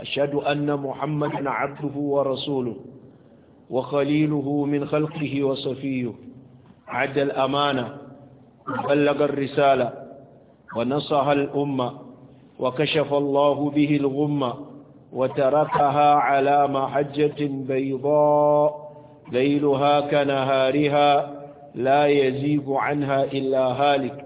أشهد أن محمدا عبده ورسوله وخليله من خلقه وصفيه عد الأمانة وبلغ الرسالة ونصها الأمة وكشف الله به الغمة وتركها على محجة بيضاء ليلها كنهارها لا يزيب عنها إلا هالك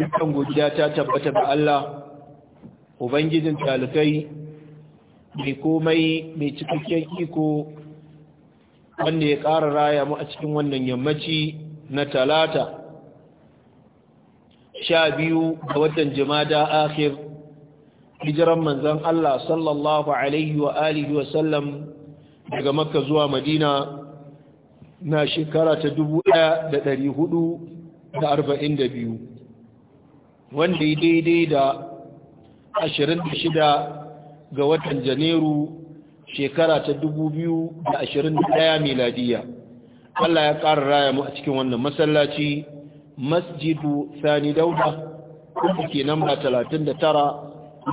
dukkan godiya ta tabbata ga Allah ubangijin talikai mai komai mai cikakken iko wanda ya ƙara raya mu a cikin wannan yammaci na talata sha biyu ga watan jimada akhir hijiran manzan Allah sallallahu alaihi wa alihi wa sallam daga makka zuwa madina na shekara ta dubu ɗaya da da arba'in da biyu. wanda ya daidai da 26 ga watan janairu shekara ta 2021 miladiya Allah ya ƙara raya mu a cikin wannan masallaci masjidu sani dauda kuma ke namba 39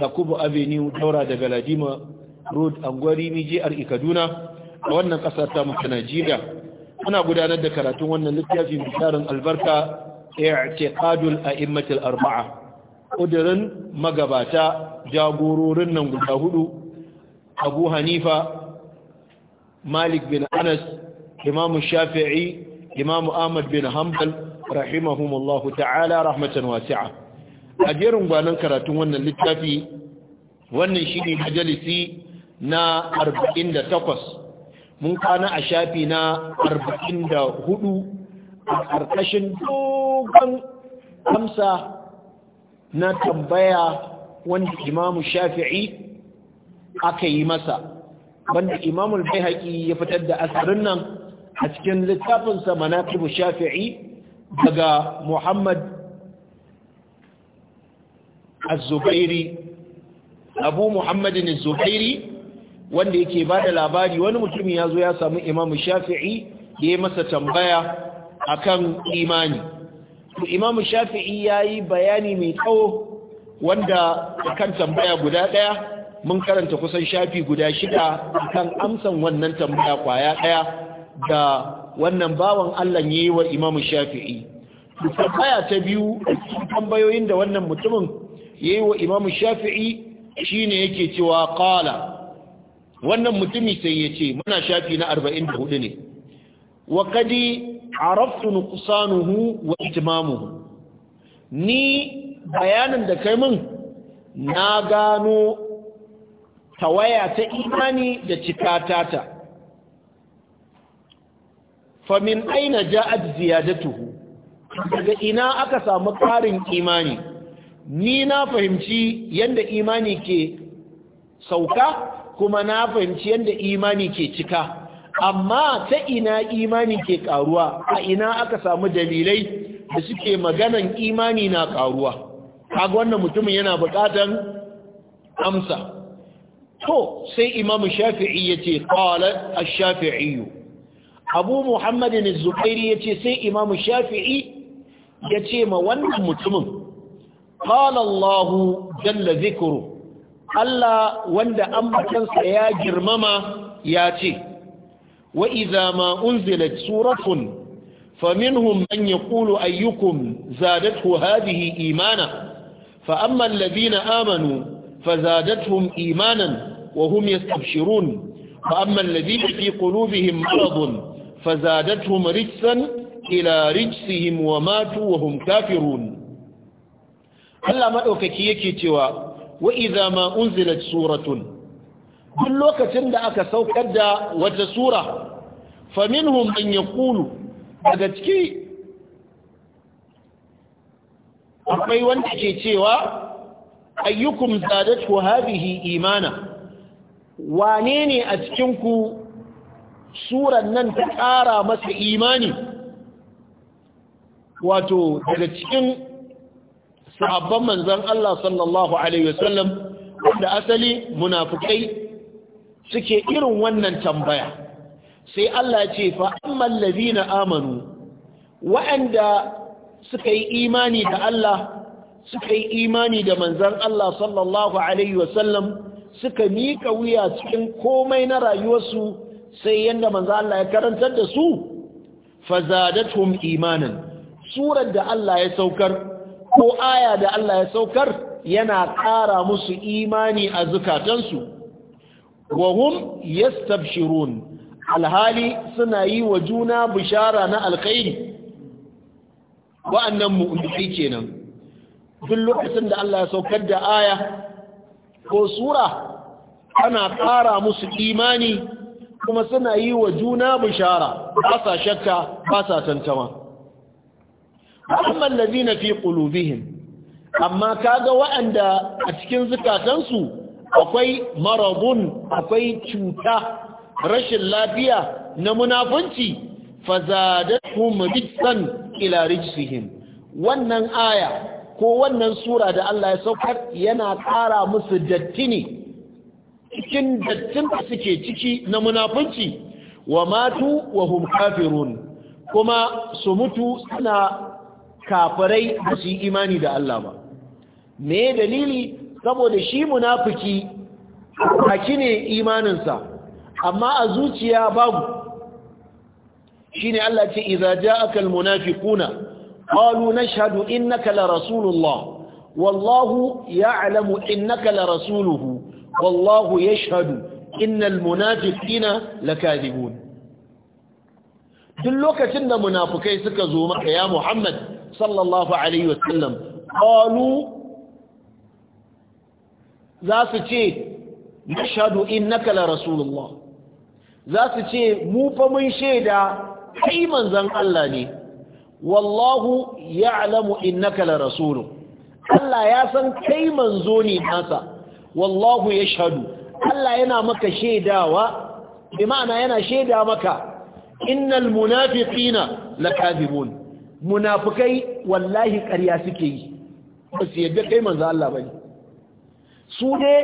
da kubu avenue daura daga ladima road angwari mijiyar kaduna a wannan ƙasar ta mutu najeriya ana gudanar da karatun wannan littafin bisharin albarka i'tiqadul a'immatil arba'a kudirin magabata jagororin nan guda huɗu abu hanifa malik bin anas imam shafi'i imam ahmad bin hanbal rahimahumullahu ta'ala rahmatan wasi'a a jerin gwanon karatun wannan littafi wannan shi na majalisi na 48 mun kana a shafi na arba'in da huɗu. a ƙarƙashin dogon amsa na tambaya wanda imamu shafi'i aka yi masa banda imamul bai ya fitar da asirin nan a cikin littafinsa manaqibu shafi'i daga muhammad al zubairi abu muhammadin al zubairi wanda yake ba da labari wani mutum ya zo ya samu imamu shafi'i ya yi masa tambaya akan imani to imamu shafi'i yayi bayani mai tsawo wanda kan tambaya guda daya mun karanta kusan shafi guda shida akan amsan wannan tambaya kwaya daya da wannan bawan Allah ne wa imamu shafi'i tambaya ta biyu tambayoyin da wannan mutumin yayi wa imamu shafi'i shine yake cewa qala wannan mutumi sai ya ce muna shafi na 44 ne wa kadi araftu nuqsanuhu wa itmamuhu ni bayanin da kai min na gano tawaya ta imani da cikatata famin aina ja'at ziyadatuhu daga ina aka samu ƙarin imani ni na fahimci yadda imani ke sauka kuma na fahimci yadda imani ke cika amma ta ina imani ke karuwa a ina aka samu dalilai da suke maganan imani na karuwa kaga wannan mutumin yana bukatan amsa to sai imam shafi'i yace qala ash-shafi'i abu muhammad ibn zubairi yace sai imam shafi'i yace ma wannan mutumin qala allah jalla zikru Allah wanda ambatansa ya girmama ya ce وإذا ما أنزلت سورة فمنهم من يقول أيكم زادته هذه إيمانا فأما الذين آمنوا فزادتهم إيمانا وهم يستبشرون وأما الذين في قلوبهم مرض فزادتهم رجسا إلى رجسهم وماتوا وهم كافرون Allah maɗaukaki yake cewa wa idza ma unzilat suratun duk lokacin da aka saukar da wata sura faminhum man yaqulu daga ciki akwai wanda ke cewa ayyukum zadatu hadhihi imana wane ne a cikin ku suran nan ta ƙara masa imani wato daga cikin sahabban manzan Allah sallallahu alaihi wasallam wanda asali munafikai suke irin wannan tambaya sai Allah ya ce fa amman ladina amanu wa'anda suka yi imani da Allah suka yi imani da manzan Allah sallallahu alaihi wasallam suka mika wuya cikin komai na rayuwarsu sai yanda manzon Allah ya karantar da su fazadatum imanan surar da Allah ya saukar ko aya da Allah ya saukar yana ƙara musu imani a zukatansu wa hum yastabshirun alhali suna yi wa juna bishara na alkhairi wa'annan mu'minai kenan duk lokacin da Allah ya saukar da aya ko sura ana ƙara musu imani kuma suna yi wa juna bishara ba sa shakka ba sa tantama amma allazina fi qulubihim amma kaga waɗanda a cikin zukatansu akwai maradun akwai cuta rashin lafiya na munafunci fazadatuhum rijsan ila rijsihim wannan aya ko wannan sura da Allah ya saukar yana ƙara musu datti ne cikin dattin da suke ciki na munafunci wa matu wa hum kafirun kuma su mutu suna kafirai da su imani da Allah ba me dalili saboda shi munafiki haki ne imaninsa amma a zuciya babu shi ne Allah ce idza ja'aka na qalu in innaka la rasulullah wallahu ya in innaka la rasuluhu wallahu ya in na innal munafiqina lakadibun duk lokacin da munafikai suka zo maka ya Muhammad sallallahu alaihi wasallam qalu za su ce in innaka la rasulullah za su ce mu fa mun shaida kai manzon Allah ne wallahu ya'lamu innaka la rasulu Allah ya san kai manzo ne nasa wallahu yashhadu Allah yana maka shaidawa bi ma'ana yana shaida maka innal munafiqina lakadibun munafikai wallahi ƙarya suke yi ba su yadda kai manzo Allah bane su ne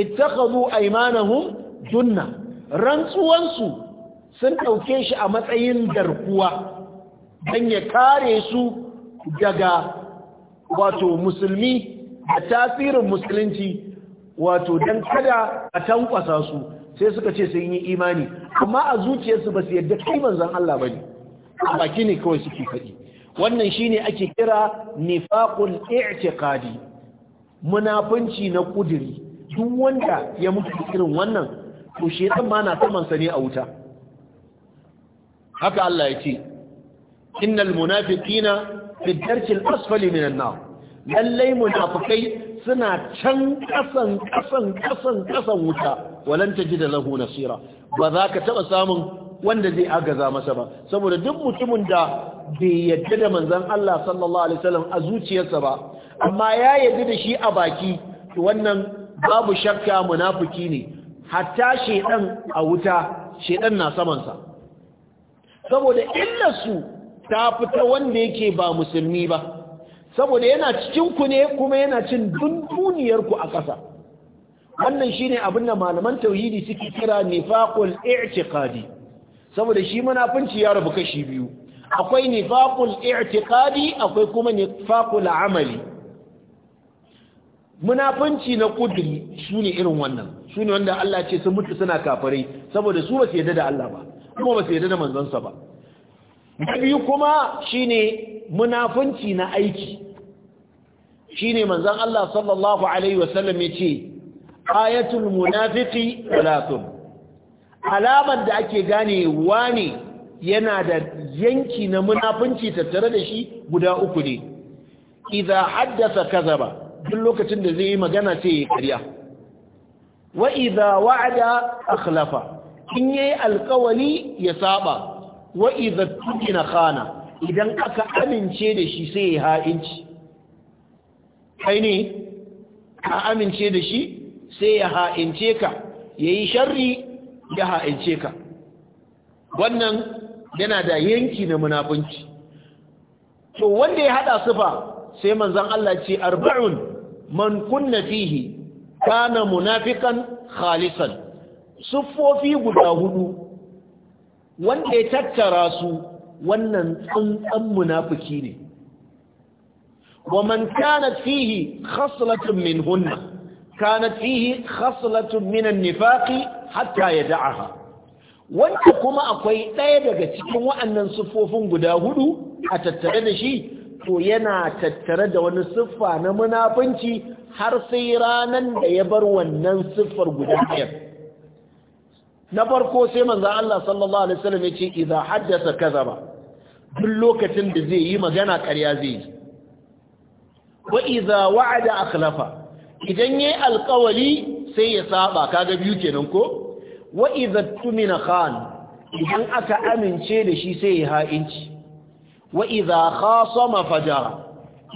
ittakhadhu aymanahum junna rantsuwansu sun ɗauke shi a matsayin garkuwa don ya kare su daga wato musulmi a tasirin musulunci wato don kada a tankwasa su sai suka ce sun yi imani amma a zuciyarsu ba su yadda kai zan Allah ba ne a baki ne kawai suke faɗi wannan shine ake kira nifakun i'tiqadi munafunci na ƙudiri, duk wanda ya mutu irin wannan to shedan ma na saman sa ne a wuta haka Allah ya ce innal munafiqina fi darkil asfali minan nar lallai munafukai suna can kasan kasan kasan kasan wuta walan tajida lahu nasira ba za ka taba samun wanda zai agaza masa ba saboda duk mutumin da bai yadda da manzon Allah sallallahu alaihi wasallam a zuciyarsa ba amma ya yadda da shi a baki wannan babu shakka munafiki ne hatta shedan a wuta shedan na samansa saboda illarsu ta fita wanda yake ba musulmi ba saboda yana cikin ku ne kuma yana cin dunduniyar ku a ƙasa wannan shine abin da malaman tauhidi suke kira nifaqul i'tiqadi saboda shi munafinci ya rabu kashi biyu akwai nifaqul i'tiqadi akwai kuma nifaqul amali munafinci na kudiri shine irin wannan su ne wanda Allah ce sun mutu suna kafirai saboda su ba su yadda da Allah ba kuma ba su yadda da manzansa ba na biyu kuma shine munafunci na aiki shine manzon Allah sallallahu alaihi wasallam yace ayatul munafiqi thalathun Alamar da ake gane ne yana da yanki na munafunci tattare da shi guda uku ne idza haddasa kazaba duk lokacin da zai yi magana sai ya karya wa idza wa'ada akhlafa in yayi alkawali ya saba wa idza tukina khana idan aka amince da shi sai ya ha'inci kai ne ka amince da shi sai ya ha'ince ka yayi sharri ya ha'ince ka wannan yana da yanki na munafunci to wanda ya hada sifa sai manzon Allah ce arba'un man kunna fihi kana munafikan khalisan siffofi guda hudu wanda ya tattara su wannan tsantsan munafiki ne wa man kanat fihi khaslatun minhunna kanat fihi khaslatun min an-nifaqi hatta yad'aha wanda kuma akwai ɗaya daga cikin waɗannan siffofin guda hudu a tattare da shi to yana tattare da wani siffa na munafunci har sai ranan da ya bar wannan siffar guda biyar na farko sai manzon Allah sallallahu alaihi wasallam ya ce idza haddasa kazaba duk lokacin da zai yi magana ƙarya zai yi wa idza wa'ada akhlafa idan yayi alkawali sai ya saba kaga biyu kenan ko wa idza tumina khan idan aka amince da shi sai ya ha'inci wa idza khasama fajara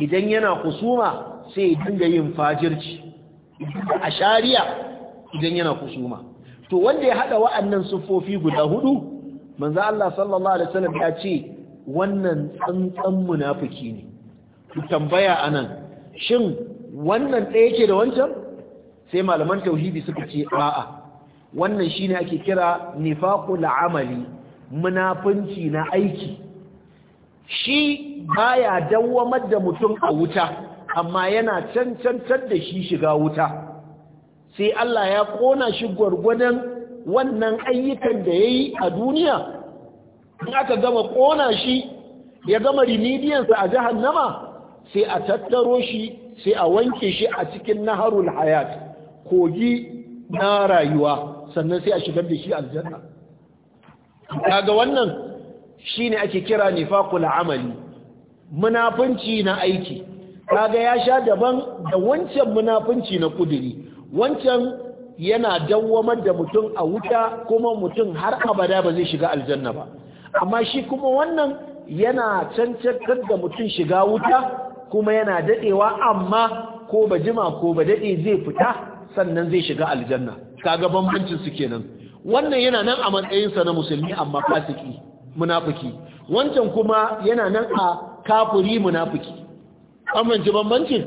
idan yana kusuma sai dinga yin fajirci a shari'a idan yana kusuma to wanda ya hada wa'annan siffofi guda hudu manzo Allah sallallahu alaihi wasallam ya ce wannan tsantsan munafiki ne ku tambaya anan shin wannan ɗaya yake da wancan sai malaman tauhidi suka ce a'a wannan shine ake kira nifaqul amali munafinci na aiki shi baya dawwamar da mutum a wuta amma yana cancantar da shi shiga wuta sai Allah ya kona shi gwargwadon wannan ayyukan da ya yi a duniya in aka gama kona shi ya gama sa a jahannama sai a tattaro shi sai a wanke shi a cikin naharul hayat kogi na rayuwa sannan sai a shigar da shi aljanna kaga wannan shine ake kira nifaqul amali munafunci na aiki kaga ya sha daban da wancan munafunci na kuduri wancan yana dawwamar da mutum a wuta kuma mutum har abada ba zai shiga aljanna ba amma shi kuma wannan yana cancantar da mutum shiga wuta kuma yana dadewa amma ko ba jima ko ba dade zai fita sannan zai shiga aljanna kaga bambancin su kenan wannan yana nan a matsayinsa na musulmi amma fasiki munafiki wancan kuma yana nan a kafuri munafiki an manci bambancin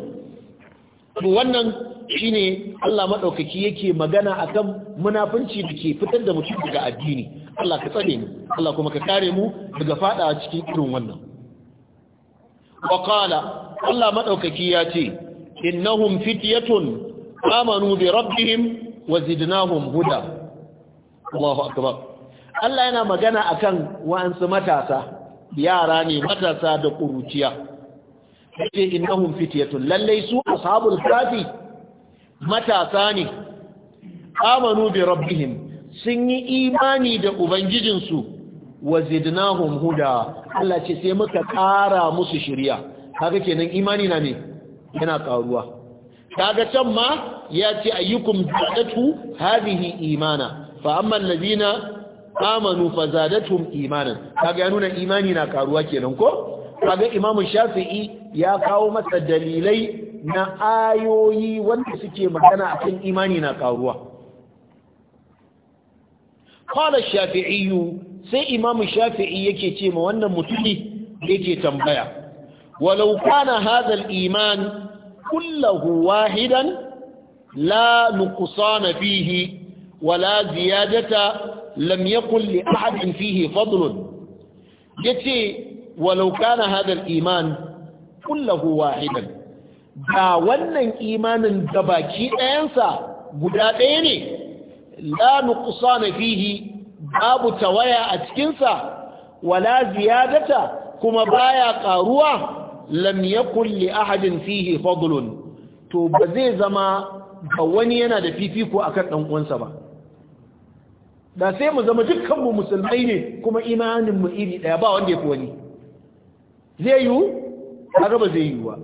wannan shine Allah madaukaki yake magana akan munafunci da ke fitar da mutum daga addini Allah ka tsare mu Allah kuma ka kare mu daga fada cikin irin wannan wa qala Allah madaukaki ya ce innahum fityatun amanu bi rabbihim wa zidnahum huda Allahu akbar Allah yana magana akan wa'ansu matasa yara ne matasa da kuruciya yake innahum fityatun lallai su ashabul kafi matasa ne amanu bi rabbihim sun yi imani da ubangijinsu wa zidnahum huda Allah ce sai muka kara musu shirya. kaga kenan imani na ne yana karuwa kaga can ma ya ce ayyukum zadatu hadhihi imana fa amma allazina amanu fa zadatuhum imanan kaga ya nuna imani na ƙaruwa kenan ko kaga imamu shafi'i ya kawo masa dalilai na ayoyi wanda suke magana akan imani na karuwa qala shafi'i sai imamu shafi'i yake ce ma wannan mutumi yake tambaya walau kana hadha al-iman kullahu wahidan la nuqsana fihi wala ziyadata lam yakun li ahadin fihi fadlun ce. walau na hadar iman kullahu wahidan ga wannan imanin da baki ɗayansa guda ɗaya ne la nuqsana fihi babu tawaya a cikinsa wala ziyadata kuma baya ƙaruwa. lam yakul li ahadin fihi fadlun to ba zai zama ga wani yana da fifiko akan dan uwansa ba da sai mu zama dukkanmu musulmai ne kuma imaninmu iri ɗaya ba wanda ya fi wani zai yiwu kaga ba zai yiwuwa.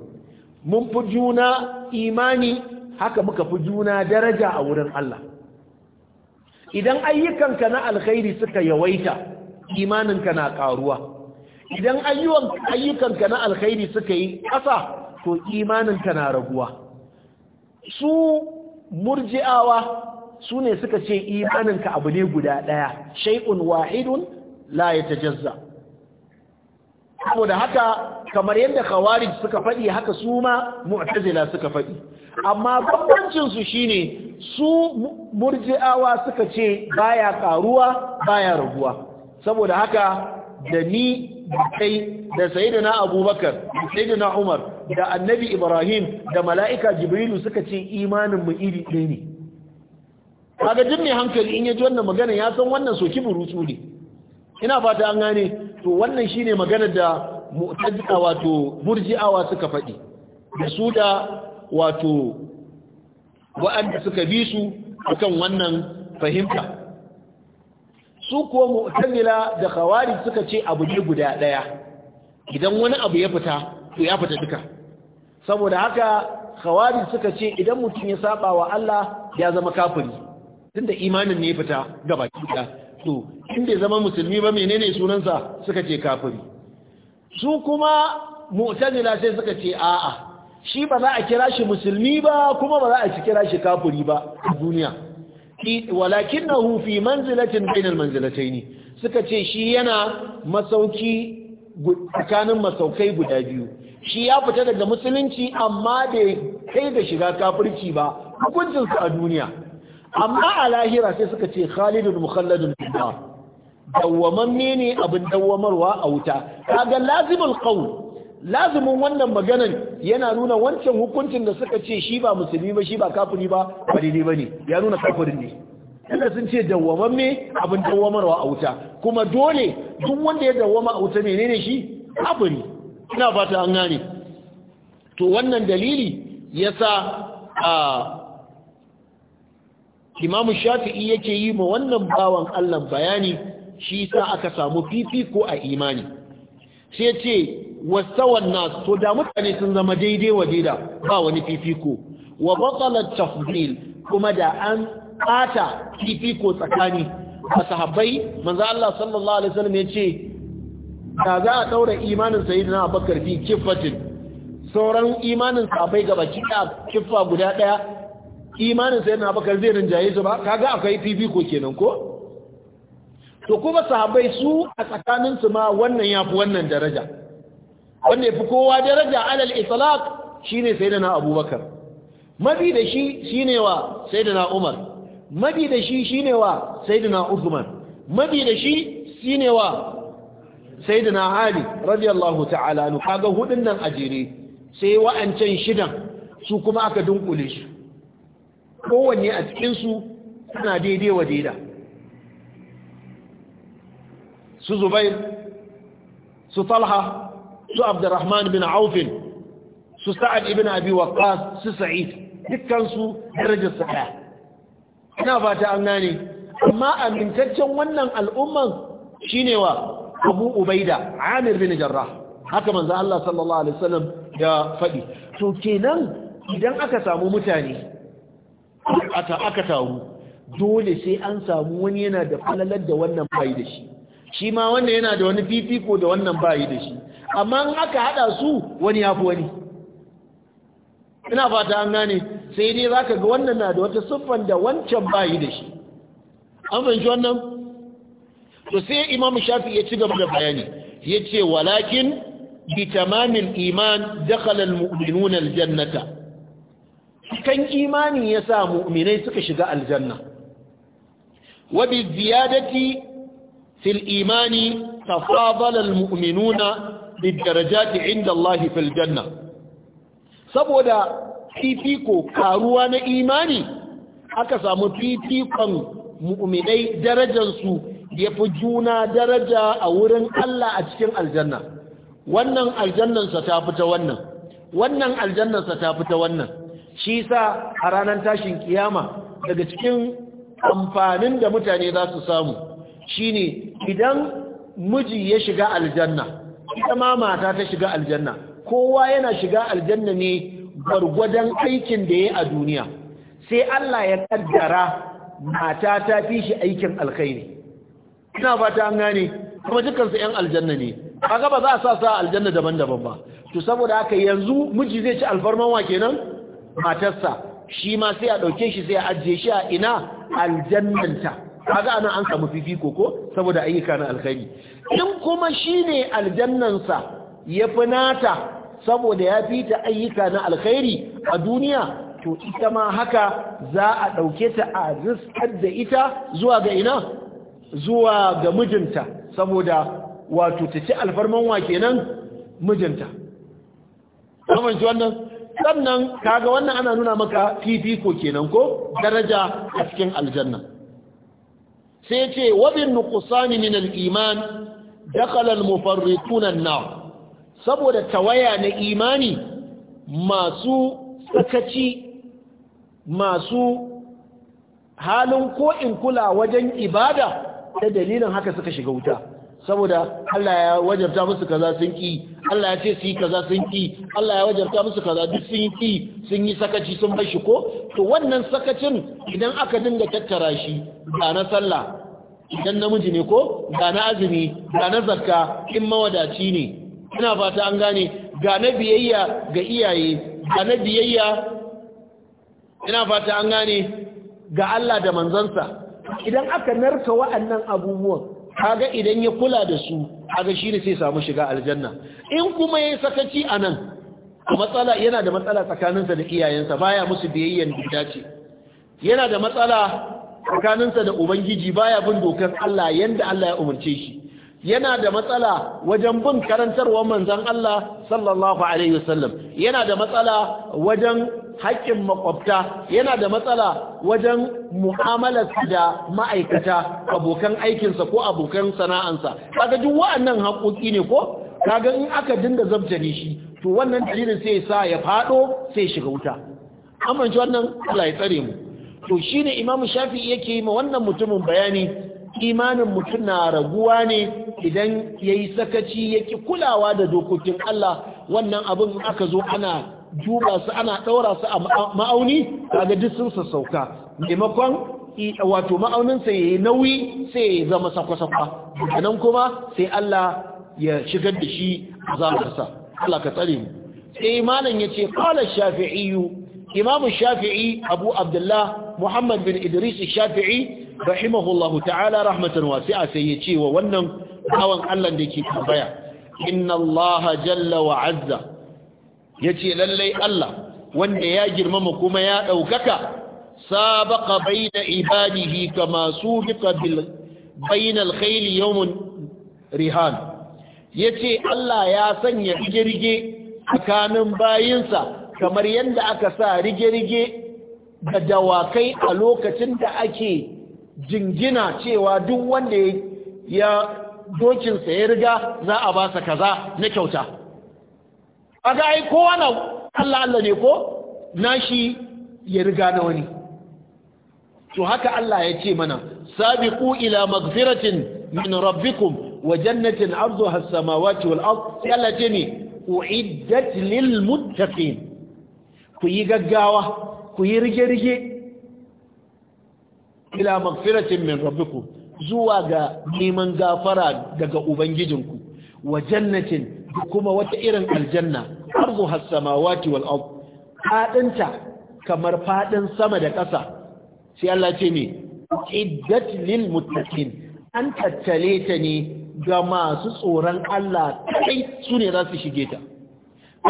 mun fi juna imani haka muka fi juna daraja a wurin Allah idan ayyukanka na alkhairi suka yawaita imaninka na karuwa idan ayyukanka na alkhairi suka yi ƙasa to imaninka na raguwa su murji'awa su ne suka ce imaninka abu ne guda ɗaya shai'un wahidun la ya tajazza saboda haka kamar yadda khawarij suka faɗi haka su ma mu'tazila suka faɗi amma bambancin su shine su murji'awa suka ce baya karuwa baya raguwa saboda haka da ni kai da sayyidina abubakar da sayyidina umar da annabi ibrahim da mala'ika jibrilu suka ce imanin mu iri ɗaya ne kaga jin mai hankali in ya ji wannan magana ya san wannan soki burutsu ne ina fata an gane to wannan shine maganar da mu'tazila wato burji'awa suka faɗi da su da wato wa'anda suka bi su akan wannan fahimta su kuwa mu'tazila da khawarij suka ce abu ne guda daya idan wani abu ya fita to ya fita duka saboda haka khawarij suka ce idan mutum ya saba wa Allah ya zama kafiri tunda imanin ne ya fita gaba ɗaya to in bai zama musulmi ba menene sunansa suka ce kafiri su kuma mu'tazila sai suka ce a'a shi ba za a kira shi musulmi ba kuma ba za a kira shi kafiri ba a duniya walakinahu fi manzilatin bainal manzilataini suka ce shi yana masauki tsakanin masaukai guda biyu shi ya fita daga musulunci amma bai kai da shiga kafirci ba hukuncinsa a duniya amma a lahira sai suka ce khalidun mukhalladun finnar dawwamamme ne abin dawwamarwa a wuta kaga lazimul qawl lazimin wannan maganan yana nuna wancan hukuncin da suka ce shi ba musulmi ba shi ba kafiri ba ba daidai bane ya nuna kafirin ne inda sun ce dawwamamme abin dawwamarwa a wuta kuma dole duk wanda ya dawwama a wuta menene shi kafiri ina fata an gane to wannan dalili yasa a ah, imamu shafi'i yake yi ma wannan bawan Allah bayani shi sa aka samu fifiko a imani sai ce wasawan nas to da mutane sun zama daidai wa daida ba wani fifiko wa batalat tafdil kuma da an ƙata fifiko tsakani a sahabbai manzo Allah sallallahu alaihi wasallam yace da za a daura imanin sayyidina Abubakar fi kifatin sauran imanin sahabbai gabaki da kifa guda daya imanin sai na bakar zai rinjaye su ba kaga akwai fifiko kenan ko to kuma sahabbai su a tsakanin su ma wannan yafi wannan daraja wanda yafi kowa daraja alal itlaq shine sayyidina abubakar mabi da shi shine wa sayyidina umar mabi da shi shine wa sayyidina uthman mabi da shi shine wa sayyidina ali radiyallahu ta'ala nu kaga hudun nan ajiri sai wa'ancan shidan su kuma aka dunkule shi kowanne a cikinsu suna daidai wa daida su zubair su talha su abdurrahman bin aufin su sa'ad ibn abi waqqas su sa'id dukkansu darajar su daya ina fata an ne. amma amintaccen wannan al'umman shine wa abu ubaida amir bin jarrah haka manzo Allah sallallahu alaihi wasallam ya faɗi to kenan idan aka samu mutane aka taru dole sai an samu wani yana da falalar da wannan bayi da shi shi ma wannan yana da wani fifiko da wannan bayi da shi amma in aka hada su wani ya fi wani ina fata an gane sai dai za ka ga wannan na da wata siffan da wancan bayi da shi an fahimci wannan to sai imam shafi ya ci gaba da bayani ya ce walakin bi tamamin iman dakhala almu'minuna aljannata cikan imani ya sa mu'minai suka shiga aljanna wa bi ziyadati fil imani tafadala al mu'minuna bidarajati inda Allah fil janna saboda fifiko karuwa na imani aka samu fifikon mu'minai darajarsu ya fi juna daraja a wurin Allah a cikin aljanna wannan aljannansa ta fita wannan wannan aljannansa ta fita wannan shi sa a ranar tashin kiyama daga cikin amfanin da mutane za su samu Shi ne idan miji ya shiga aljanna ita ma mata ta shiga aljanna kowa yana shiga aljanna ne gwargwadon aikin da ya a duniya sai Allah ya kaddara mata ta fi shi aikin alkhairi ina fata an gane kuma dukansu 'yan aljanna ne kaga ba za a sa sa aljanna daban-daban ba to saboda haka yanzu miji zai ci alfarman wa kenan matarsa shi ma sai a ɗauke shi sai a ajiye shi a ina aljannanta ga ana an samu fifiko ko saboda ayyuka na alkhairi in kuma shi shine aljannansa ya fi nata saboda ya fi ta ayyuka na alkhairi a duniya to ita ma haka za a ɗauke ta a riskar da ita zuwa ga ina zuwa ga mijinta saboda wato ta ci alfarman wa kenan mijinta ji wannan sannan kaga wannan ana nuna maka fifiko kenan ko daraja a cikin aljanna sai ce wabin nuqsani min al-iman dakhala al-mufarrituna saboda tawaya na imani masu sakaci masu halin ko in kula wajen ibada da dalilin haka suka shiga wuta saboda Allah ya wajabta musu kaza sun ki Allah ya ce su yi kaza sun ki Allah ya wajabta musu kaza duk sun ki sun yi sakaci sun bar shi ko to wannan sakacin idan aka dinga tattara shi ba na sallah idan namiji ne ko ga na azumi ga na zakka in mawadaci ne ina fata an gane ga na biyayya ga iyaye ga na biyayya ina fata an gane ga Allah da manzansa idan aka narka wa'annan abubuwan kaga idan ya kula da su kaga shi ne sai samu shiga aljanna in kuma ya sakaci anan a matsala yana da matsala tsakaninsa da iyayensa baya musu biyayyen da ce yana da matsala tsakaninsa da ubangiji baya bin dokar Allah yadda Allah ya umarce shi yana da matsala wajen bin karantarwar manzon Allah sallallahu alaihi wasallam yana da matsala wajen haƙƙin makwabta yana da matsala wajen mu'amalarsa da ma'aikata abokan aikinsa ko abokan sana'ansa kaga duk wa'annan haƙoƙi ne ko kaga in aka dinga ne shi to wannan dalilin sai sa ya fado sai shiga wuta amince wannan Allah ya tsare mu to shine Imam Shafi'i yake yi ma wannan mutumin bayani imanin mutum na raguwa ne idan ya yi sakaci ya ki kulawa da dokokin Allah wannan abin aka zo ana duba su ana ɗaura su a ma'auni kaga duk sun sassauka maimakon wato ma'auninsa ya yi nauyi sai ya zama sakwa-sakwa nan kuma sai Allah ya shigar da shi a zamansa Allah ka tsare mu sai malam ya ce ƙalar shafi'iyu imamu shafi'i abu abdullah muhammad bin idris shafi'i rahimahullahu ta'ala rahmatan wasi'a sai ya ce wa wannan hawan Allah da ke tambaya inna Allah jalla wa azza yace lallai Allah wanda ya girmama kuma ya daukaka سابق بين عباده كما سوبق بال... بين الخيل يوم رهان yace Allah ya sanya rige-rige tsakanin bayinsa kamar yadda aka sa rige-rige da dawakai a lokacin da ake jingina cewa duk wanda ya dokinsa ya riga za a ba sa kaza na kyauta a ga ai kowa na Allah Allah ne ko nashi ya riga na wani to haka Allah ya ce mana sabiqu ila magfiratin min rabbikum wa jannatin arduha as-samawati wal ard yalla ce ne uiddat lil muttaqin ku yi gaggawa ku yi rige-rige ila magfiratin min rabbikum zuwa ga neman gafara daga ubangijinku wa jannatin kuma wata irin aljanna arzu has-samawati wal ard fadinta kamar fadin sama da ƙasa sai Allah ce ne iddat lil muttaqin an tattale ta ne ga masu tsoron Allah kai su ne za su shige ta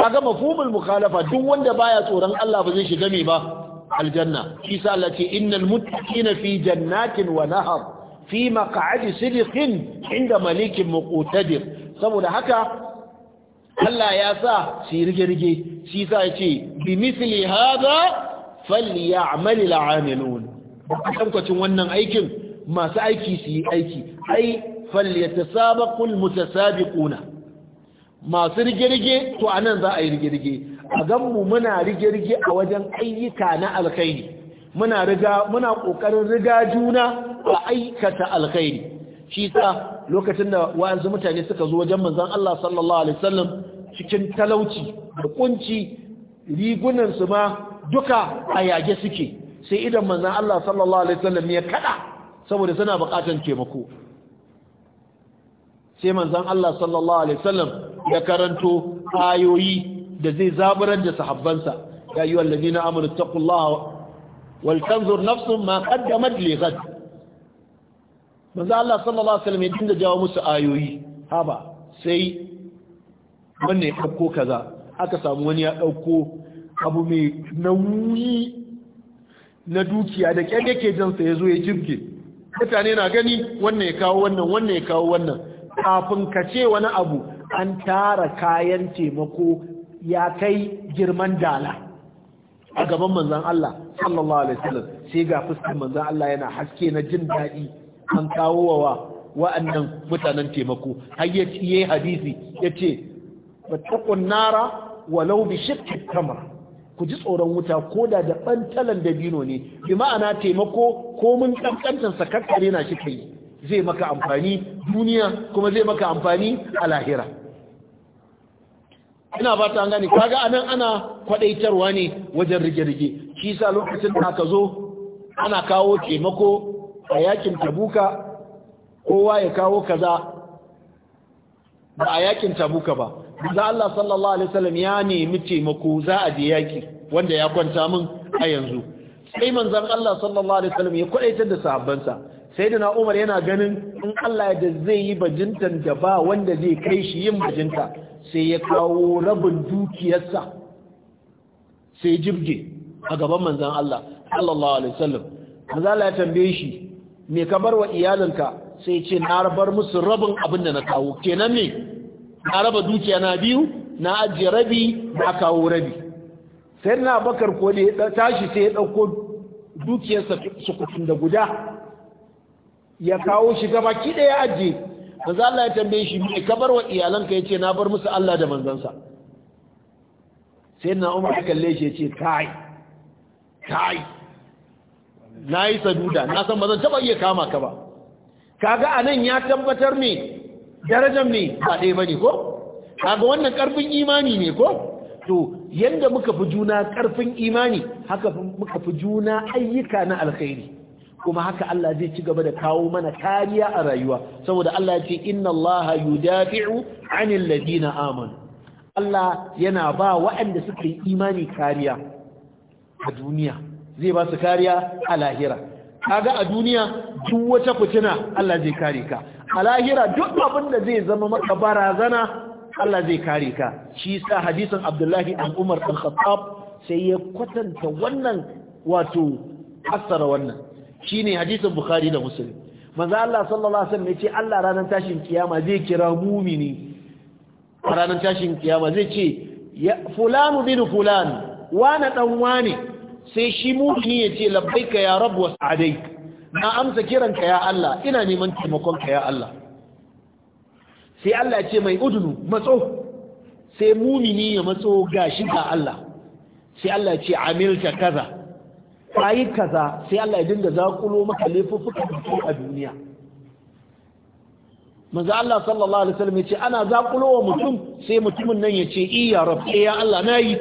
kaga mafhumul mukhalafa duk wanda baya tsoron Allah ba zai shiga me ba aljanna shi sa Allah ce innal muttaqina fi jannatin wa nahar fi maq'adi sidqin inda malikin muqtadir saboda haka Allah ya sa su yi rige-rige shi sa ya ce bi misli hada falyamal al'amilun kankwacin wannan aikin masu aiki su yi aiki ai falyatasabiqul mutasabiquna masu rige-rige to anan za a yi rige-rige a ganmu muna rige-rige a wajen ayyuka na alkhairi muna riga muna kokarin riga juna a aikata alkhairi shi ta lokacin da wa'azu mutane suka zo wajen manzon Allah sallallahu alaihi wasallam cikin talauci da kunci rigunan su ma duka a yage suke sai idan manzon Allah sallallahu alaihi wasallam ya kada saboda suna buƙatar taimako sai manzon Allah sallallahu alaihi wasallam ya karanto ayoyi da zai zaburar da sahabbansa ya yi wallabi na amur taqullaha wal tanzur nafsun ma qaddamat li maza Allah sallallahu alaihi wasallam ya dinga jawo musu ayoyi haba sai wannan ya dauko kaza aka samu wani ya ɗauko abu mai nauyi na dukiya da kyan yake jansa ya zo ya jirge mutane na gani wannan ya kawo wannan wannan ya kawo wannan kafin ka ce wani abu an tara kayan taimako ya kai girman dala a gaban manzan Allah sallallahu alaihi wasallam sai ga fuskar manzan Allah yana haske na jin daɗi an kawo wa wa'annan mutanen taimako har ya yi hadisi ya ce ta nara walau bi shirkin tamar ku ji tsoron wuta ko da da ɓantalan dabino ne bi ma'ana taimako ko mun ƙanƙantarsa kakkare na shi kai zai maka amfani duniya kuma zai maka amfani a lahira ina ba ta gani kaga anan ana kwadaitarwa ne wajen rige-rige shi sa lokacin da aka zo ana kawo taimako a yakin tabuka kowa ya kawo kaza ba a yakin tabuka ba za Allah sallallahu alaihi wasallam ya nemi taimako za a je yaki wanda ya kwanta min a yanzu sai manzon Allah sallallahu alaihi wasallam ya kwadaitar da sahabbansa sai da Umar yana ganin in Allah ya da zai yi bajintan da ba wanda zai kai shi yin bajinta sai ya kawo rabin dukiyarsa sai jibge a gaban manzan Allah sallallahu alaihi wasallam manzan Allah ya tambaye shi me ka bar wa iyalinka sai ce na rabar musu rabin abin da na kawo kenan ne na raba dukiya na biyu na ajiye rabi na kawo rabi sai na bakar ko ne tashi sai ya ɗauko dukiyarsa su sukutun da guda ya kawo shi gaba ki ɗaya ajiye manzo Allah ya tambaye shi me kabar wa iyalanka yace na bar musu Allah da manzansa sai na Umar kalle shi yace kai kai nayi saduda na san bazan taba iya kama ka ba kaga anan ya tabbatar me darajar me ba dai bane ko kaga wannan karfin imani ne ko to yanda muka fi juna karfin imani haka muka fi juna ayyuka na alkhairi kuma haka Allah zai ci gaba da kawo mana kariya a rayuwa saboda Allah ya ce inna Allah yudafi'u 'anil ladina amanu Allah yana ba waɗanda suka yi imani kariya a duniya zai ba su kariya a lahira kaga a duniya duk wata fitina Allah zai kare ka a lahira duk abin da zai zama maka barazana Allah zai kare ka shi sa hadisin Abdullahi dan Umar dan Khattab sai ya kwatanta wannan wato hasara wannan shine hadisin bukhari da musulun. manzo Allah sallallahu alaihi wasallam yace Allah ranar tashin kiyama zai kira mumini ranar tashin kiyama zai ce fulanu bin fulan wana dan wane sai shi mumini yace labbaika ya rabu wasu sa'adaik na amsa kiranka ya Allah ina neman taimakonka ya Allah sai Allah ce mai udunu matso sai mumini ya matso gashi ga Allah sai Allah ya ce amilta kaza ka yi kaza sai Allah ya dinga zakulo maka laifuffukan da a duniya manzo Allah sallallahu alaihi wasallam yace ana zakulo wa mutum sai mutumin nan yace i ya rab eh ya Allah nayi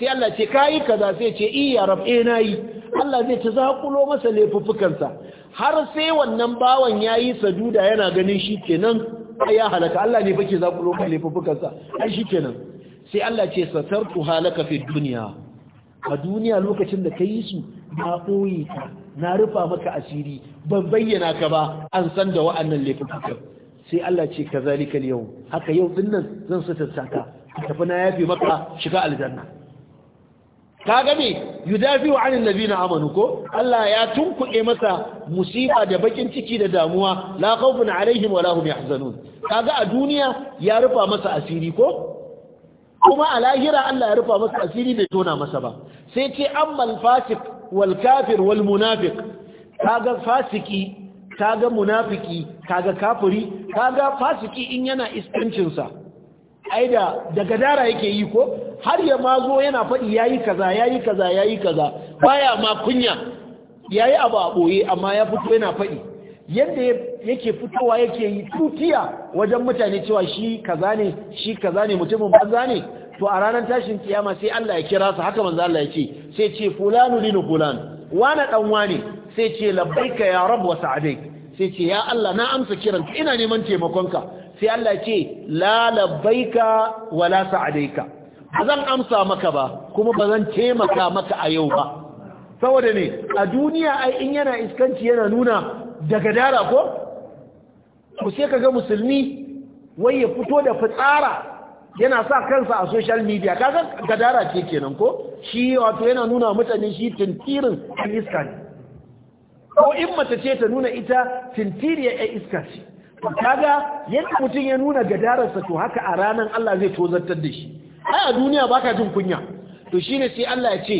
sai Allah ce kai kaza sai yace i ya rab eh nayi Allah zai ta zakulo masa sa har sai wannan bawan yayi saduda yana ganin shi kenan ya halaka Allah ne bake zakulo masa laifuffukansa ai shi kenan sai Allah ce satartu halaka fi dunya a duniya lokacin da ka yi su na ɓoye ka na rufa maka asiri ban bayyana ka ba an san da wa'annan laifukan sai Allah ce ka zalika yau haka yau din nan zan sutarta ka tafi na yafi maka shiga aljanna ka ga me yudafi'u 'anil ladina amanu ko Allah ya tunkuɗe masa musiba da bakin ciki da damuwa la khawfun 'alaihim wa la yahzanun kaga a duniya ya rufa masa asiri ko kuma a lahira Allah ya rufa masa asiri bai tona masa ba sai ce ammal fasik wal kafir wal munafiq kaga fasiki kaga munafiki kaga kafiri kaga fasiki in yana iskancin sa aida da daga dara yake yi ko har ya ma zo yana faɗi yayi kaza yayi kaza yayi kaza baya ma kunya yayi abu a boye amma ya fito yana faɗi yadda yake fitowa yake yi tutiya wajen mutane cewa shi kaza ne shi kaza ne mutumin banza ne to a ranar tashin kiyama sai Allah ya kira su haka manzo Allah ya ce sai ce fulanu linu fulan wani dan sai ce labbaika ya rabu wa sa'adai sai ce ya Allah na amsa kiran ina neman taimakonka sai Allah ya ce la labbaika wa la sa'adaika ba zan amsa maka ba kuma ba zan taimaka maka a yau ba saboda ne a duniya ai in yana iskanci yana nuna daga dara ko ku sai ga musulmi wai ya fito da fitsara yana sa kansa a social media kaga gadara ce kenan ko shi wato yana nuna mutane shi tintirin iska ne ko in mata ce ta nuna ita tintiriyar ya iska ce kaga yadda mutum ya nuna gadararsa to haka a ranar Allah zai tozartar da shi ai a duniya baka jin kunya to shi ne sai Allah ya ce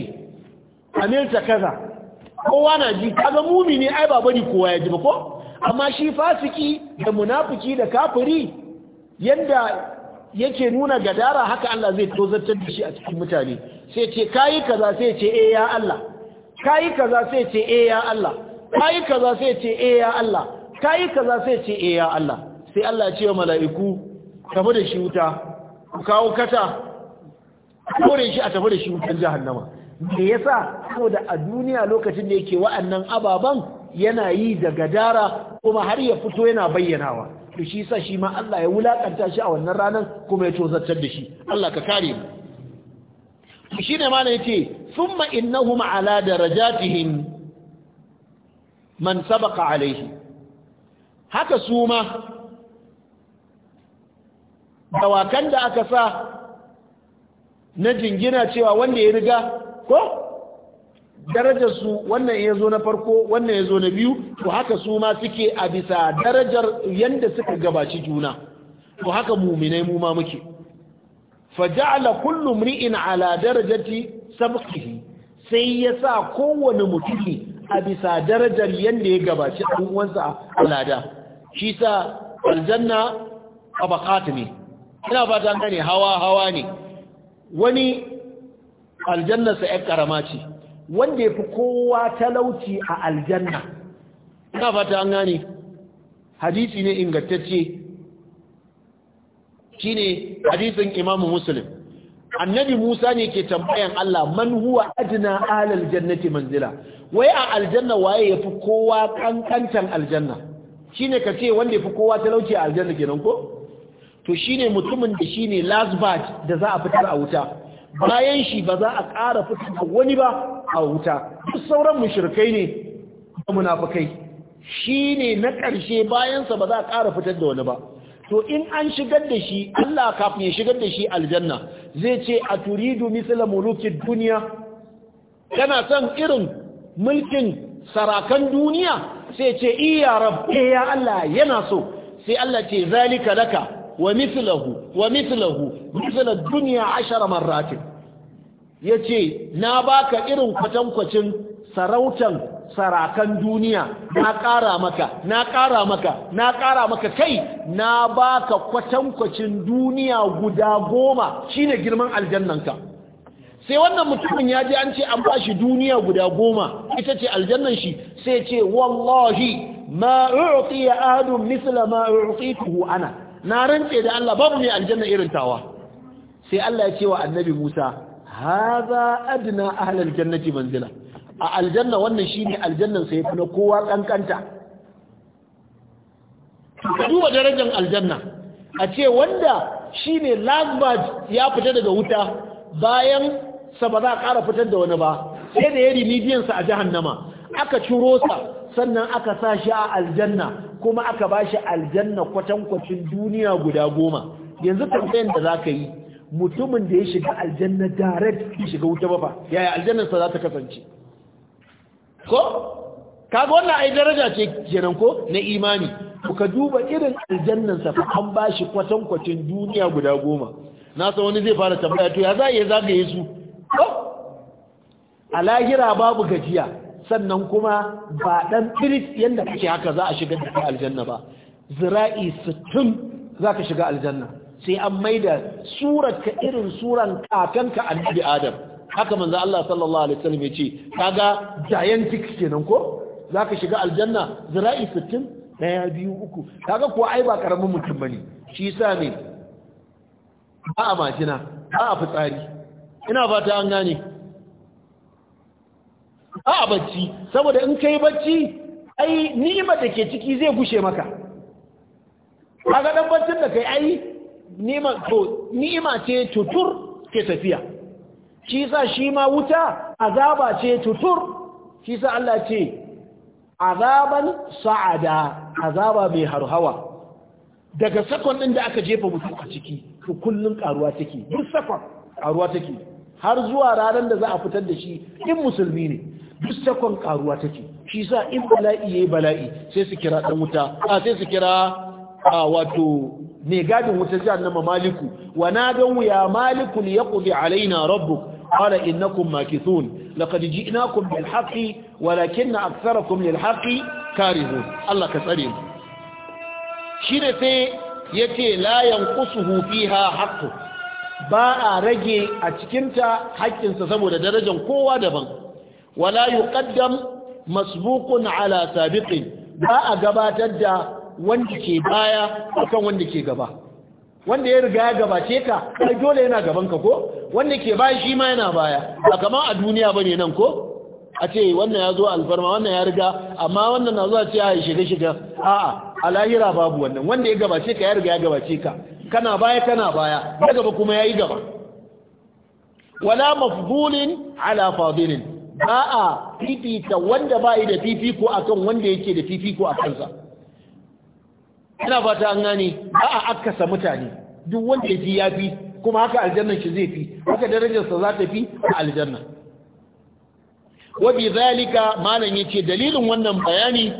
amilta kaza kowa na ji kaga mumini ai ba bari kowa ya ji ba ko amma shi fasiki da munafiki da kafiri yanda yake nuna gadara haka Allah zai tozartar da shi a cikin mutane sai ce kai kaza sai ce eh ya Allah kai kaza sai ce eh ya Allah kai kaza sai ce eh ya Allah kai kaza sai ce eh ya Allah sai Allah ya ce wa mala'iku tafi da shi wuta ku kawo kata kore shi a tafi da shi wutan jahannama me yasa saboda a duniya lokacin da yake wa'annan ababan yana yi da gadara kuma har ya fito yana bayyanawa to shi yasa shi ma Allah ya wulakanta shi a wannan ranar kuma ya tozartar da shi Allah ka kare mu shi ne yace thumma innahum ala darajatihim man sabaqa alaihi haka su ma dawakan da aka sa na jingina cewa wanda ya riga ko darajar su wannan ya zo na farko wannan ya zo na biyu to haka su ma suke a bisa darajar yanda suka gabaci juna to haka muminai mu ma muke faja'ala kullu mri'in ala darajati sabqihi sai ya sa kowane mutumi a bisa darajar yanda ya gabaci dan uwansa a lada shi sa aljanna abaqat ne ina fata gane hawa hawa ne wani aljannarsa ‘yan ƙarama ce wanda ya fi kowa talauci a aljanna ina fata an gane hadisi ne ingantacce shine hadisin imamu muslim annabi musa ne ke tambayan allah man huwa adna alal jannati manzila wai a aljanna waye ya fi kowa kankantan aljanna shine ka ce wanda ya fi kowa talauci a aljanna kenan ko to shine mutumin da shine last batch da za a fitar a wuta bayan shi ba za a ƙara fitar wani ba a wuta duk sauran mushrikai ne da Shi ne na ƙarshe bayansa ba za a ƙara fitar da wani ba to in an shigar da shi Allah kafin ya shigar da shi aljanna zai ce a turidu misla mulukid duniya kana son irin mulkin sarakan duniya sai ce iya rab eh, ya Allah yana so sai Allah ce zalika laka wa mithlahu wa mithlahu mithla dunya ashara marratin yace na baka irin kwatankwacin sarautan sarakan duniya na ƙara maka na ƙara maka na ƙara maka kai na baka kwatankwacin duniya guda goma shine girman aljannan ka. sai wannan mutumin ya je an ce an bashi duniya guda goma ita ce aljannan shi sai ce wallahi ma ya adu misla ma u'tituhu ana na rantse da Allah babu mai aljanna irin tawa sai Allah ya ce wa annabi Musa hadha adna ahlal jannati manzila a aljanna wannan shine aljannan sai na kowa kankanta duba darajar aljanna a ce wanda shine last ya fita daga wuta bayan sa ba za a ƙara fitar da wani ba sai da ya rimidiyansa a jahannama aka ciro sa sannan aka sa shi a aljanna kuma aka bashi aljanna kwatankwacin duniya guda goma yanzu tambayan da za ka yi mutumin da ya shiga aljanna direct ya shiga wuta bafa yaya aljannarsa za ta kasance ko kaga wannan ai daraja ce kenan ko na imani ka duba irin aljannansa fa an bashi kwatankwacin duniya guda goma na san wani zai fara tambaya to ya za ya zagaye su ko a lahira babu gajiya sannan kuma ba ɗan firis yadda kake haka za a shiga da aljanna ba zira'i sittin za ka shiga aljanna sai an maida surat ka irin suran kakanka annabi adam haka manzo Allah sallallahu alaihi wasallam yace kaga giantic kenan ko Za ka shiga aljanna zira'i sittin daya biyu uku kaga kuwa ai ba karamin mutum bane shi yasa ne ba a majina ba a fitsari ina fata an gane a bacci saboda in kai bacci ai ni'imar da ke ciki zai gushe maka kaga dan baccin da kai ai ni'ima to ni'ima ce tutur ke tafiya shi sa shi ma wuta azaba ce tutur shi sa Allah ce azaban sa'ada azaba mai harhawa daga sakon din da aka jefa mutum a ciki to kullun karuwa take duk sakon karuwa take har zuwa ranar da za a fitar da shi in musulmi ne duk sakon karuwa take shi sa in bala'i yayi bala'i sai su kira dan wuta a sai su kira a wato ne gadin wuta jahannama maliku wa nadawu ya maliku liyaqdi alaina rabbuk qala innakum makithun laqad ji'nakum bil haqqi walakinna aktharakum lil haqqi karihun Allah ka tsare mu shine sai yace la yanqusuhu fiha haqqu ba a rage a cikinta haƙƙinsa saboda darajar kowa daban wala yuqaddam masbukun ala sabiqin ba a gabatar da wanda ke baya akan wanda ke gaba wanda ya riga ya gabace ka kai dole yana gaban ka ko wanda ke baya shi ma yana baya ba kamar a duniya bane nan ko a ce wannan ya zo alfarma wannan ya riga amma wannan na zuwa ce ya shiga shiga a a alahira babu wannan wanda ya gabace ka ya riga ya gabace ka kana baya kana baya ya gaba kuma yayi gaba wala mafdulin ala fadilin ba a fifita wanda ba yi da fifiko kan wanda yake da fifiko a kansa ina fata an gane ba a akasa mutane duk wanda ji ya fi kuma haka aljannan shi zai fi haka darajarsa za ta fi a aljanna wabi zalika malam ce dalilin wannan bayani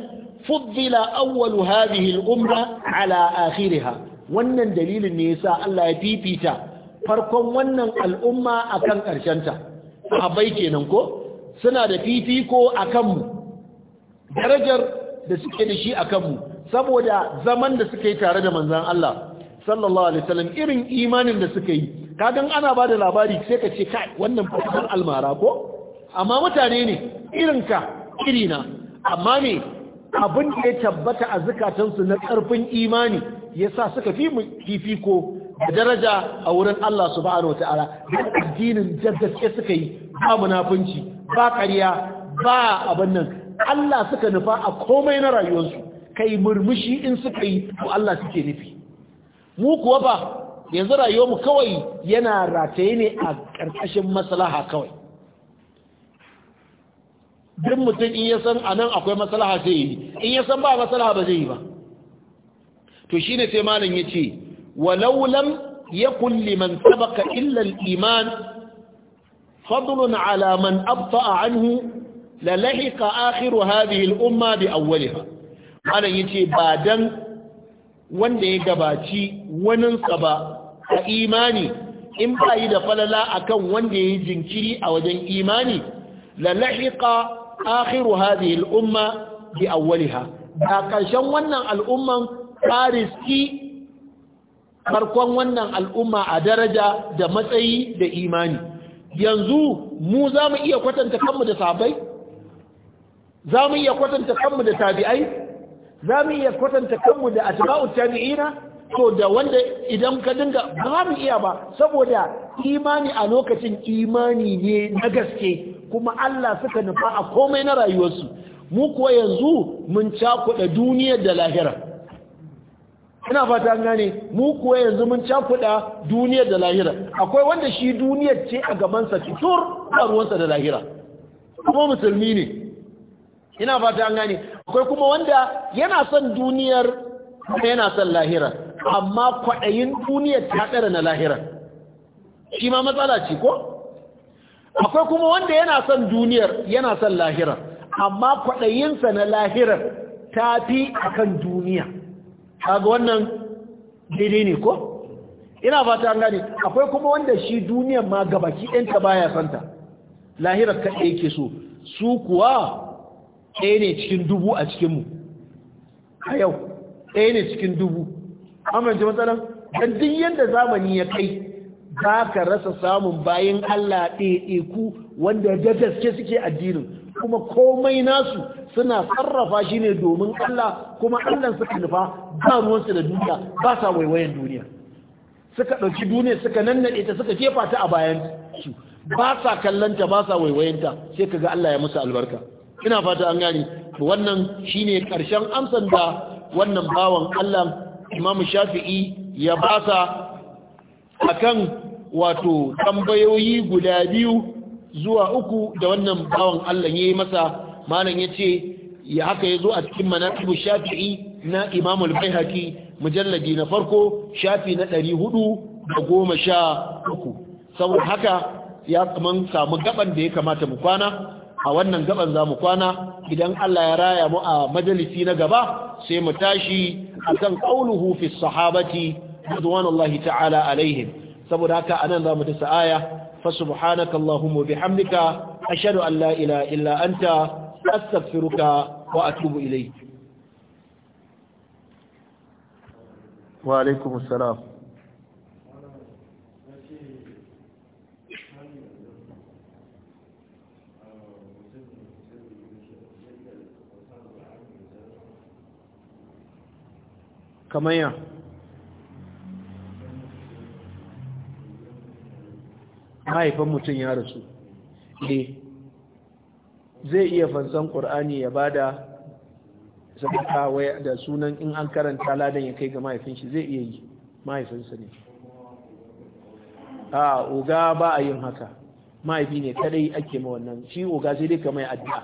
fuddila awwalu hadhihi al-umma ala akhiriha wannan dalilin ne yasa Allah ya fifita farkon wannan al'umma akan ta, abai kenan ko suna da fifiko a kanmu darajar da suke da shi a kanmu saboda zaman da suka yi tare da manzan Allah sallallahu alaihi wasallam irin imanin da suka yi kagan ana ba da labari sai ka ce kai wannan fasahar almara ko amma mutane ne irinka irina amma ne abin da ya tabbata a zukatansu na ƙarfin imani ya sa suka fi mu fifiko da daraja a wurin Allah subhanahu wa ta'ala da addinin da suka yi ba munafunci ba ƙarya ba abin nan Allah suka nufa a komai na rayuwarsu kai murmushi in suka yi ko Allah suke nufi mu kuwa ba yanzu rayuwar mu kawai yana rataye ne a ƙarƙashin maslaha kawai duk mutum in ya san a nan akwai maslaha zai yi in ya san ba maslaha ba zai yi ba to shine sai malam ya ce walau lam kulle liman sabaka illa al-iman فضل على من أبطأ عنه للحق آخر هذه الأمة بأولها أنا يتي بعدا wanda ya gabaci waninsa ba a imani in ba yi da falala akan wanda ya yi jinkiri a wajen imani la lahiqa akhiru hadhihi al-umma bi awwaliha da ƙarshen wannan al'umman fariski farkon wannan al'umma a daraja da matsayi da imani yanzu mu za mu iya kwatanta kanmu da sabai za mu iya kwatanta kanmu da tabi'ai za mu iya kwatanta kanmu da atba'u tabi'ina to da wanda idan ka dinga ba mu iya ba saboda imani a lokacin imani ne na gaske kuma Allah suka nufa a komai na rayuwarsu mu kuwa yanzu mun cakuɗa duniyar da lahira ina fata gane mu kuwa yanzu mun cakuɗa duniyar da lahira akwai wanda shi duniyar ce a gabansa fitur a ruwansa da lahira kuma musulmi ne ina fata gane akwai kuma wanda yana son duniyar kuma yana son lahira amma kwaɗayin duniyar ta ɗara na lahira shi ma matsala ce ko akwai kuma wanda yana son duniyar yana son lahira amma kwaɗayinsa na lahirar ta fi akan duniya kaga wannan daidai ne ko ina fata an gane akwai kuma wanda shi duniyar ma ga baki ɗanta baya santa lahirar kaɗai yake so su kuwa ɗaya ne cikin dubu a cikinmu a yau ɗaya ne cikin dubu amince matsalan don duk yadda zamani ya kai za ka rasa samun bayan allah ɗaya ku wanda da gaske suke addinin kuma komai nasu suna sarrafa shi ne domin Allah kuma Allah suka nufa ba ruwansu da duniya ba sa waiwayen duniya suka ɗauki duniya suka nannaɗe ta suka jefa ta a bayan su ba sa kallanta ba sa waiwayenta sai kaga Allah ya musu albarka ina fata an gani wannan shine karshen amsan da wannan bawan Allah Imam Shafi'i ya basa akan wato tambayoyi guda biyu zuwa uku da wannan bawan Allah ya yi masa malam ya ce ya haka ya zo a cikin manaqibu shafi'i na imam al-baihaqi mujalladi na farko shafi na ɗari hudu da goma sha uku saboda haka ya kaman samu gaban da ya kamata mu kwana a wannan gaban za mu kwana idan Allah ya raya mu a majalisi na gaba sai mu tashi akan ƙaunuhu fi sahabati radwanullahi ta'ala alaihim saboda haka anan za mu ta aya فسبحانك اللهم وبحمدك أشهد أن لا إله إلا أنت أستغفرك وأتوب إليك وعليكم السلام كما يعني mahaifin mutum ya rasu ne eh, zai iya fansan ƙur'ani ya ba da waya da sunan in an karanta ladan ya kai ga mahaifin shi zai iya yi mahaifinsa ne a ah, uga ba a yin haka mahaifi ne kadai ake ma wannan shi uga sai dai ka mai addu'a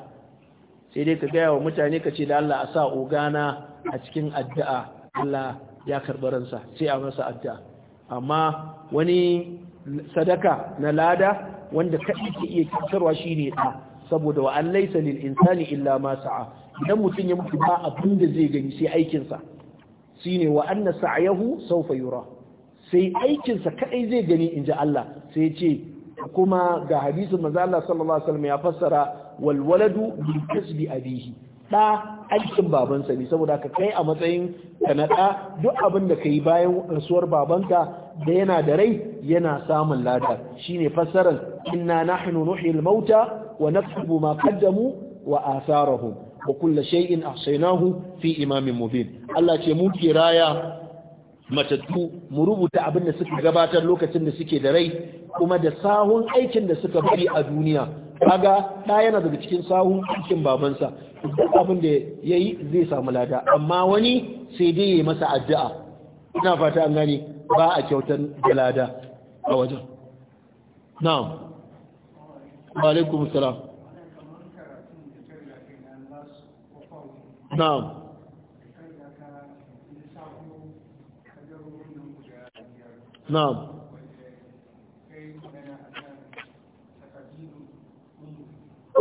sai dai ka gaya wa mutane ka ce da Allah a sa na a cikin addu'a Allah ya karɓi ransa sai a masa addu'a amma wani sadaka na lada wanda kaɗi ke iya kyautarwa shi ne ɗa saboda wa an laisa lil insani illa ma sa'a idan mutum ya mutu ba abin da zai gani sai aikinsa shine wa anna sa'yahu sawfa yura sai aikinsa kaɗai zai gani inji Allah sai ce kuma ga hadisin manzo Allah sallallahu alaihi wasallam ya fassara wal waladu bi kasbi abihi ɗa aikin babansa ne saboda ka kai a matsayin ka na ɗa duk abin da ka yi bayan rasuwar babanka da yana da rai yana samun lada Shi ne fassarar inna nahnu nuhyil mauta wa naktubu ma kaddamu wa atharahum wa kullu shay'in ahsaynahu fi imamin mubin Allah ce mu kiraya matattu mu rubuta abin da suka gabatar lokacin da suke da rai kuma da sahun aikin da suka bari a duniya kaga ɗa yana daga cikin sahun cikin babansa duk abin da yi zai samu lada amma wani sai dai ya yi masa addu'a ina fata an gane ba a kyautar da lada a wajen na'am alaikum salam na'am na'am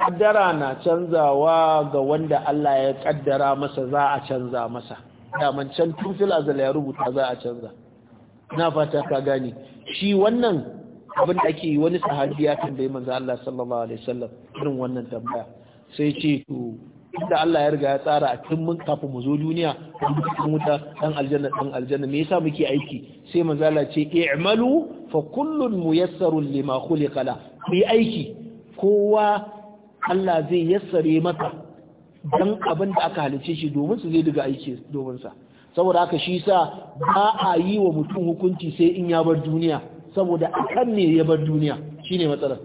kaddara na canzawa ga wanda Allah ya kaddara masa za a canza masa daman can tun azal ya rubuta za a canza na fata ka gani shi wannan abin da ake wani sahabi ya tambaye manzo Allah sallallahu alaihi wasallam irin wannan tambaya sai ce to inda Allah ya riga ya tsara a tun mun kafin mu zo duniya mun wuta dan aljanna dan aljanna me yasa muke aiki sai manzo Allah ce i'malu fa kullun muyassarun lima khuliqa la aiki kowa Allah zai yassare maka dan abin da aka halice shi domin su zai daga aiki domin sa saboda haka shi sa ba a yi wa mutum hukunci sai in ya bar duniya saboda akan ne ya bar duniya shine matsalar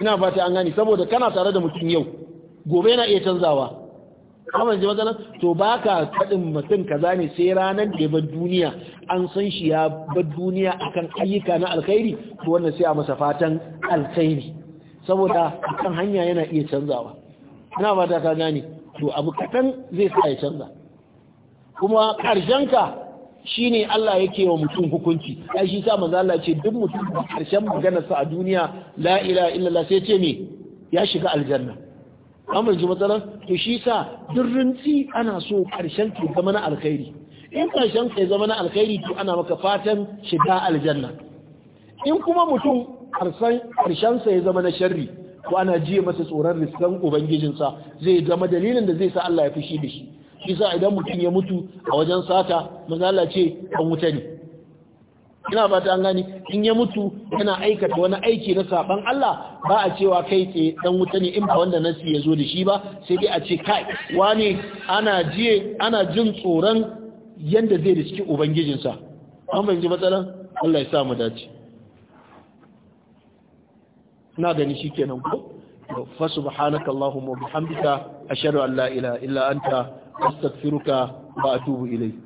ina fata an gani saboda kana tare da mutum yau gobe yana iya canzawa kamar ji matsalar to baka ka faɗin mutum kaza ne sai ranar da ya bar duniya an san shi ya bar duniya akan ayyuka na alkhairi to wannan sai a masa fatan alkhairi saboda kan hanya yana iya canzawa ina ba ta gane to abu kaɗan zai sa ya canza kuma ƙarshenka ne Allah yake wa mutum hukunci ai shi sa manzo Allah ce duk mutum a karshen maganarsa a duniya la ilaha illallah sai ce me ya shiga aljanna amma ji matsalar to shi sa duk rinci ana so karshen ki zama na alkhairi in karshen ka zama na alkhairi to ana maka fatan shiga aljanna in kuma mutum sa ya zama na sharri ko ana jiye masa tsoron riskan ubangijinsa zai zama dalilin da zai sa Allah ya fushi da shi shi sa idan mutum ya mutu a wajen sata mazala ce a wuta ne ina fata an gani in ya mutu yana aikata wani aiki na saban Allah ba a cewa kai ce dan wuta ne in ba wanda nasi ya zo da shi ba sai dai a ce kai wani ana jiye ana jin tsoron yanda zai da riski ubangijinsa an ji matsalan Allah ya sa mu dace na gani kenan ko fa subhanaka allahumma bihamdika a an allah ilaha illa anta astaghfiruka a tubu ilai.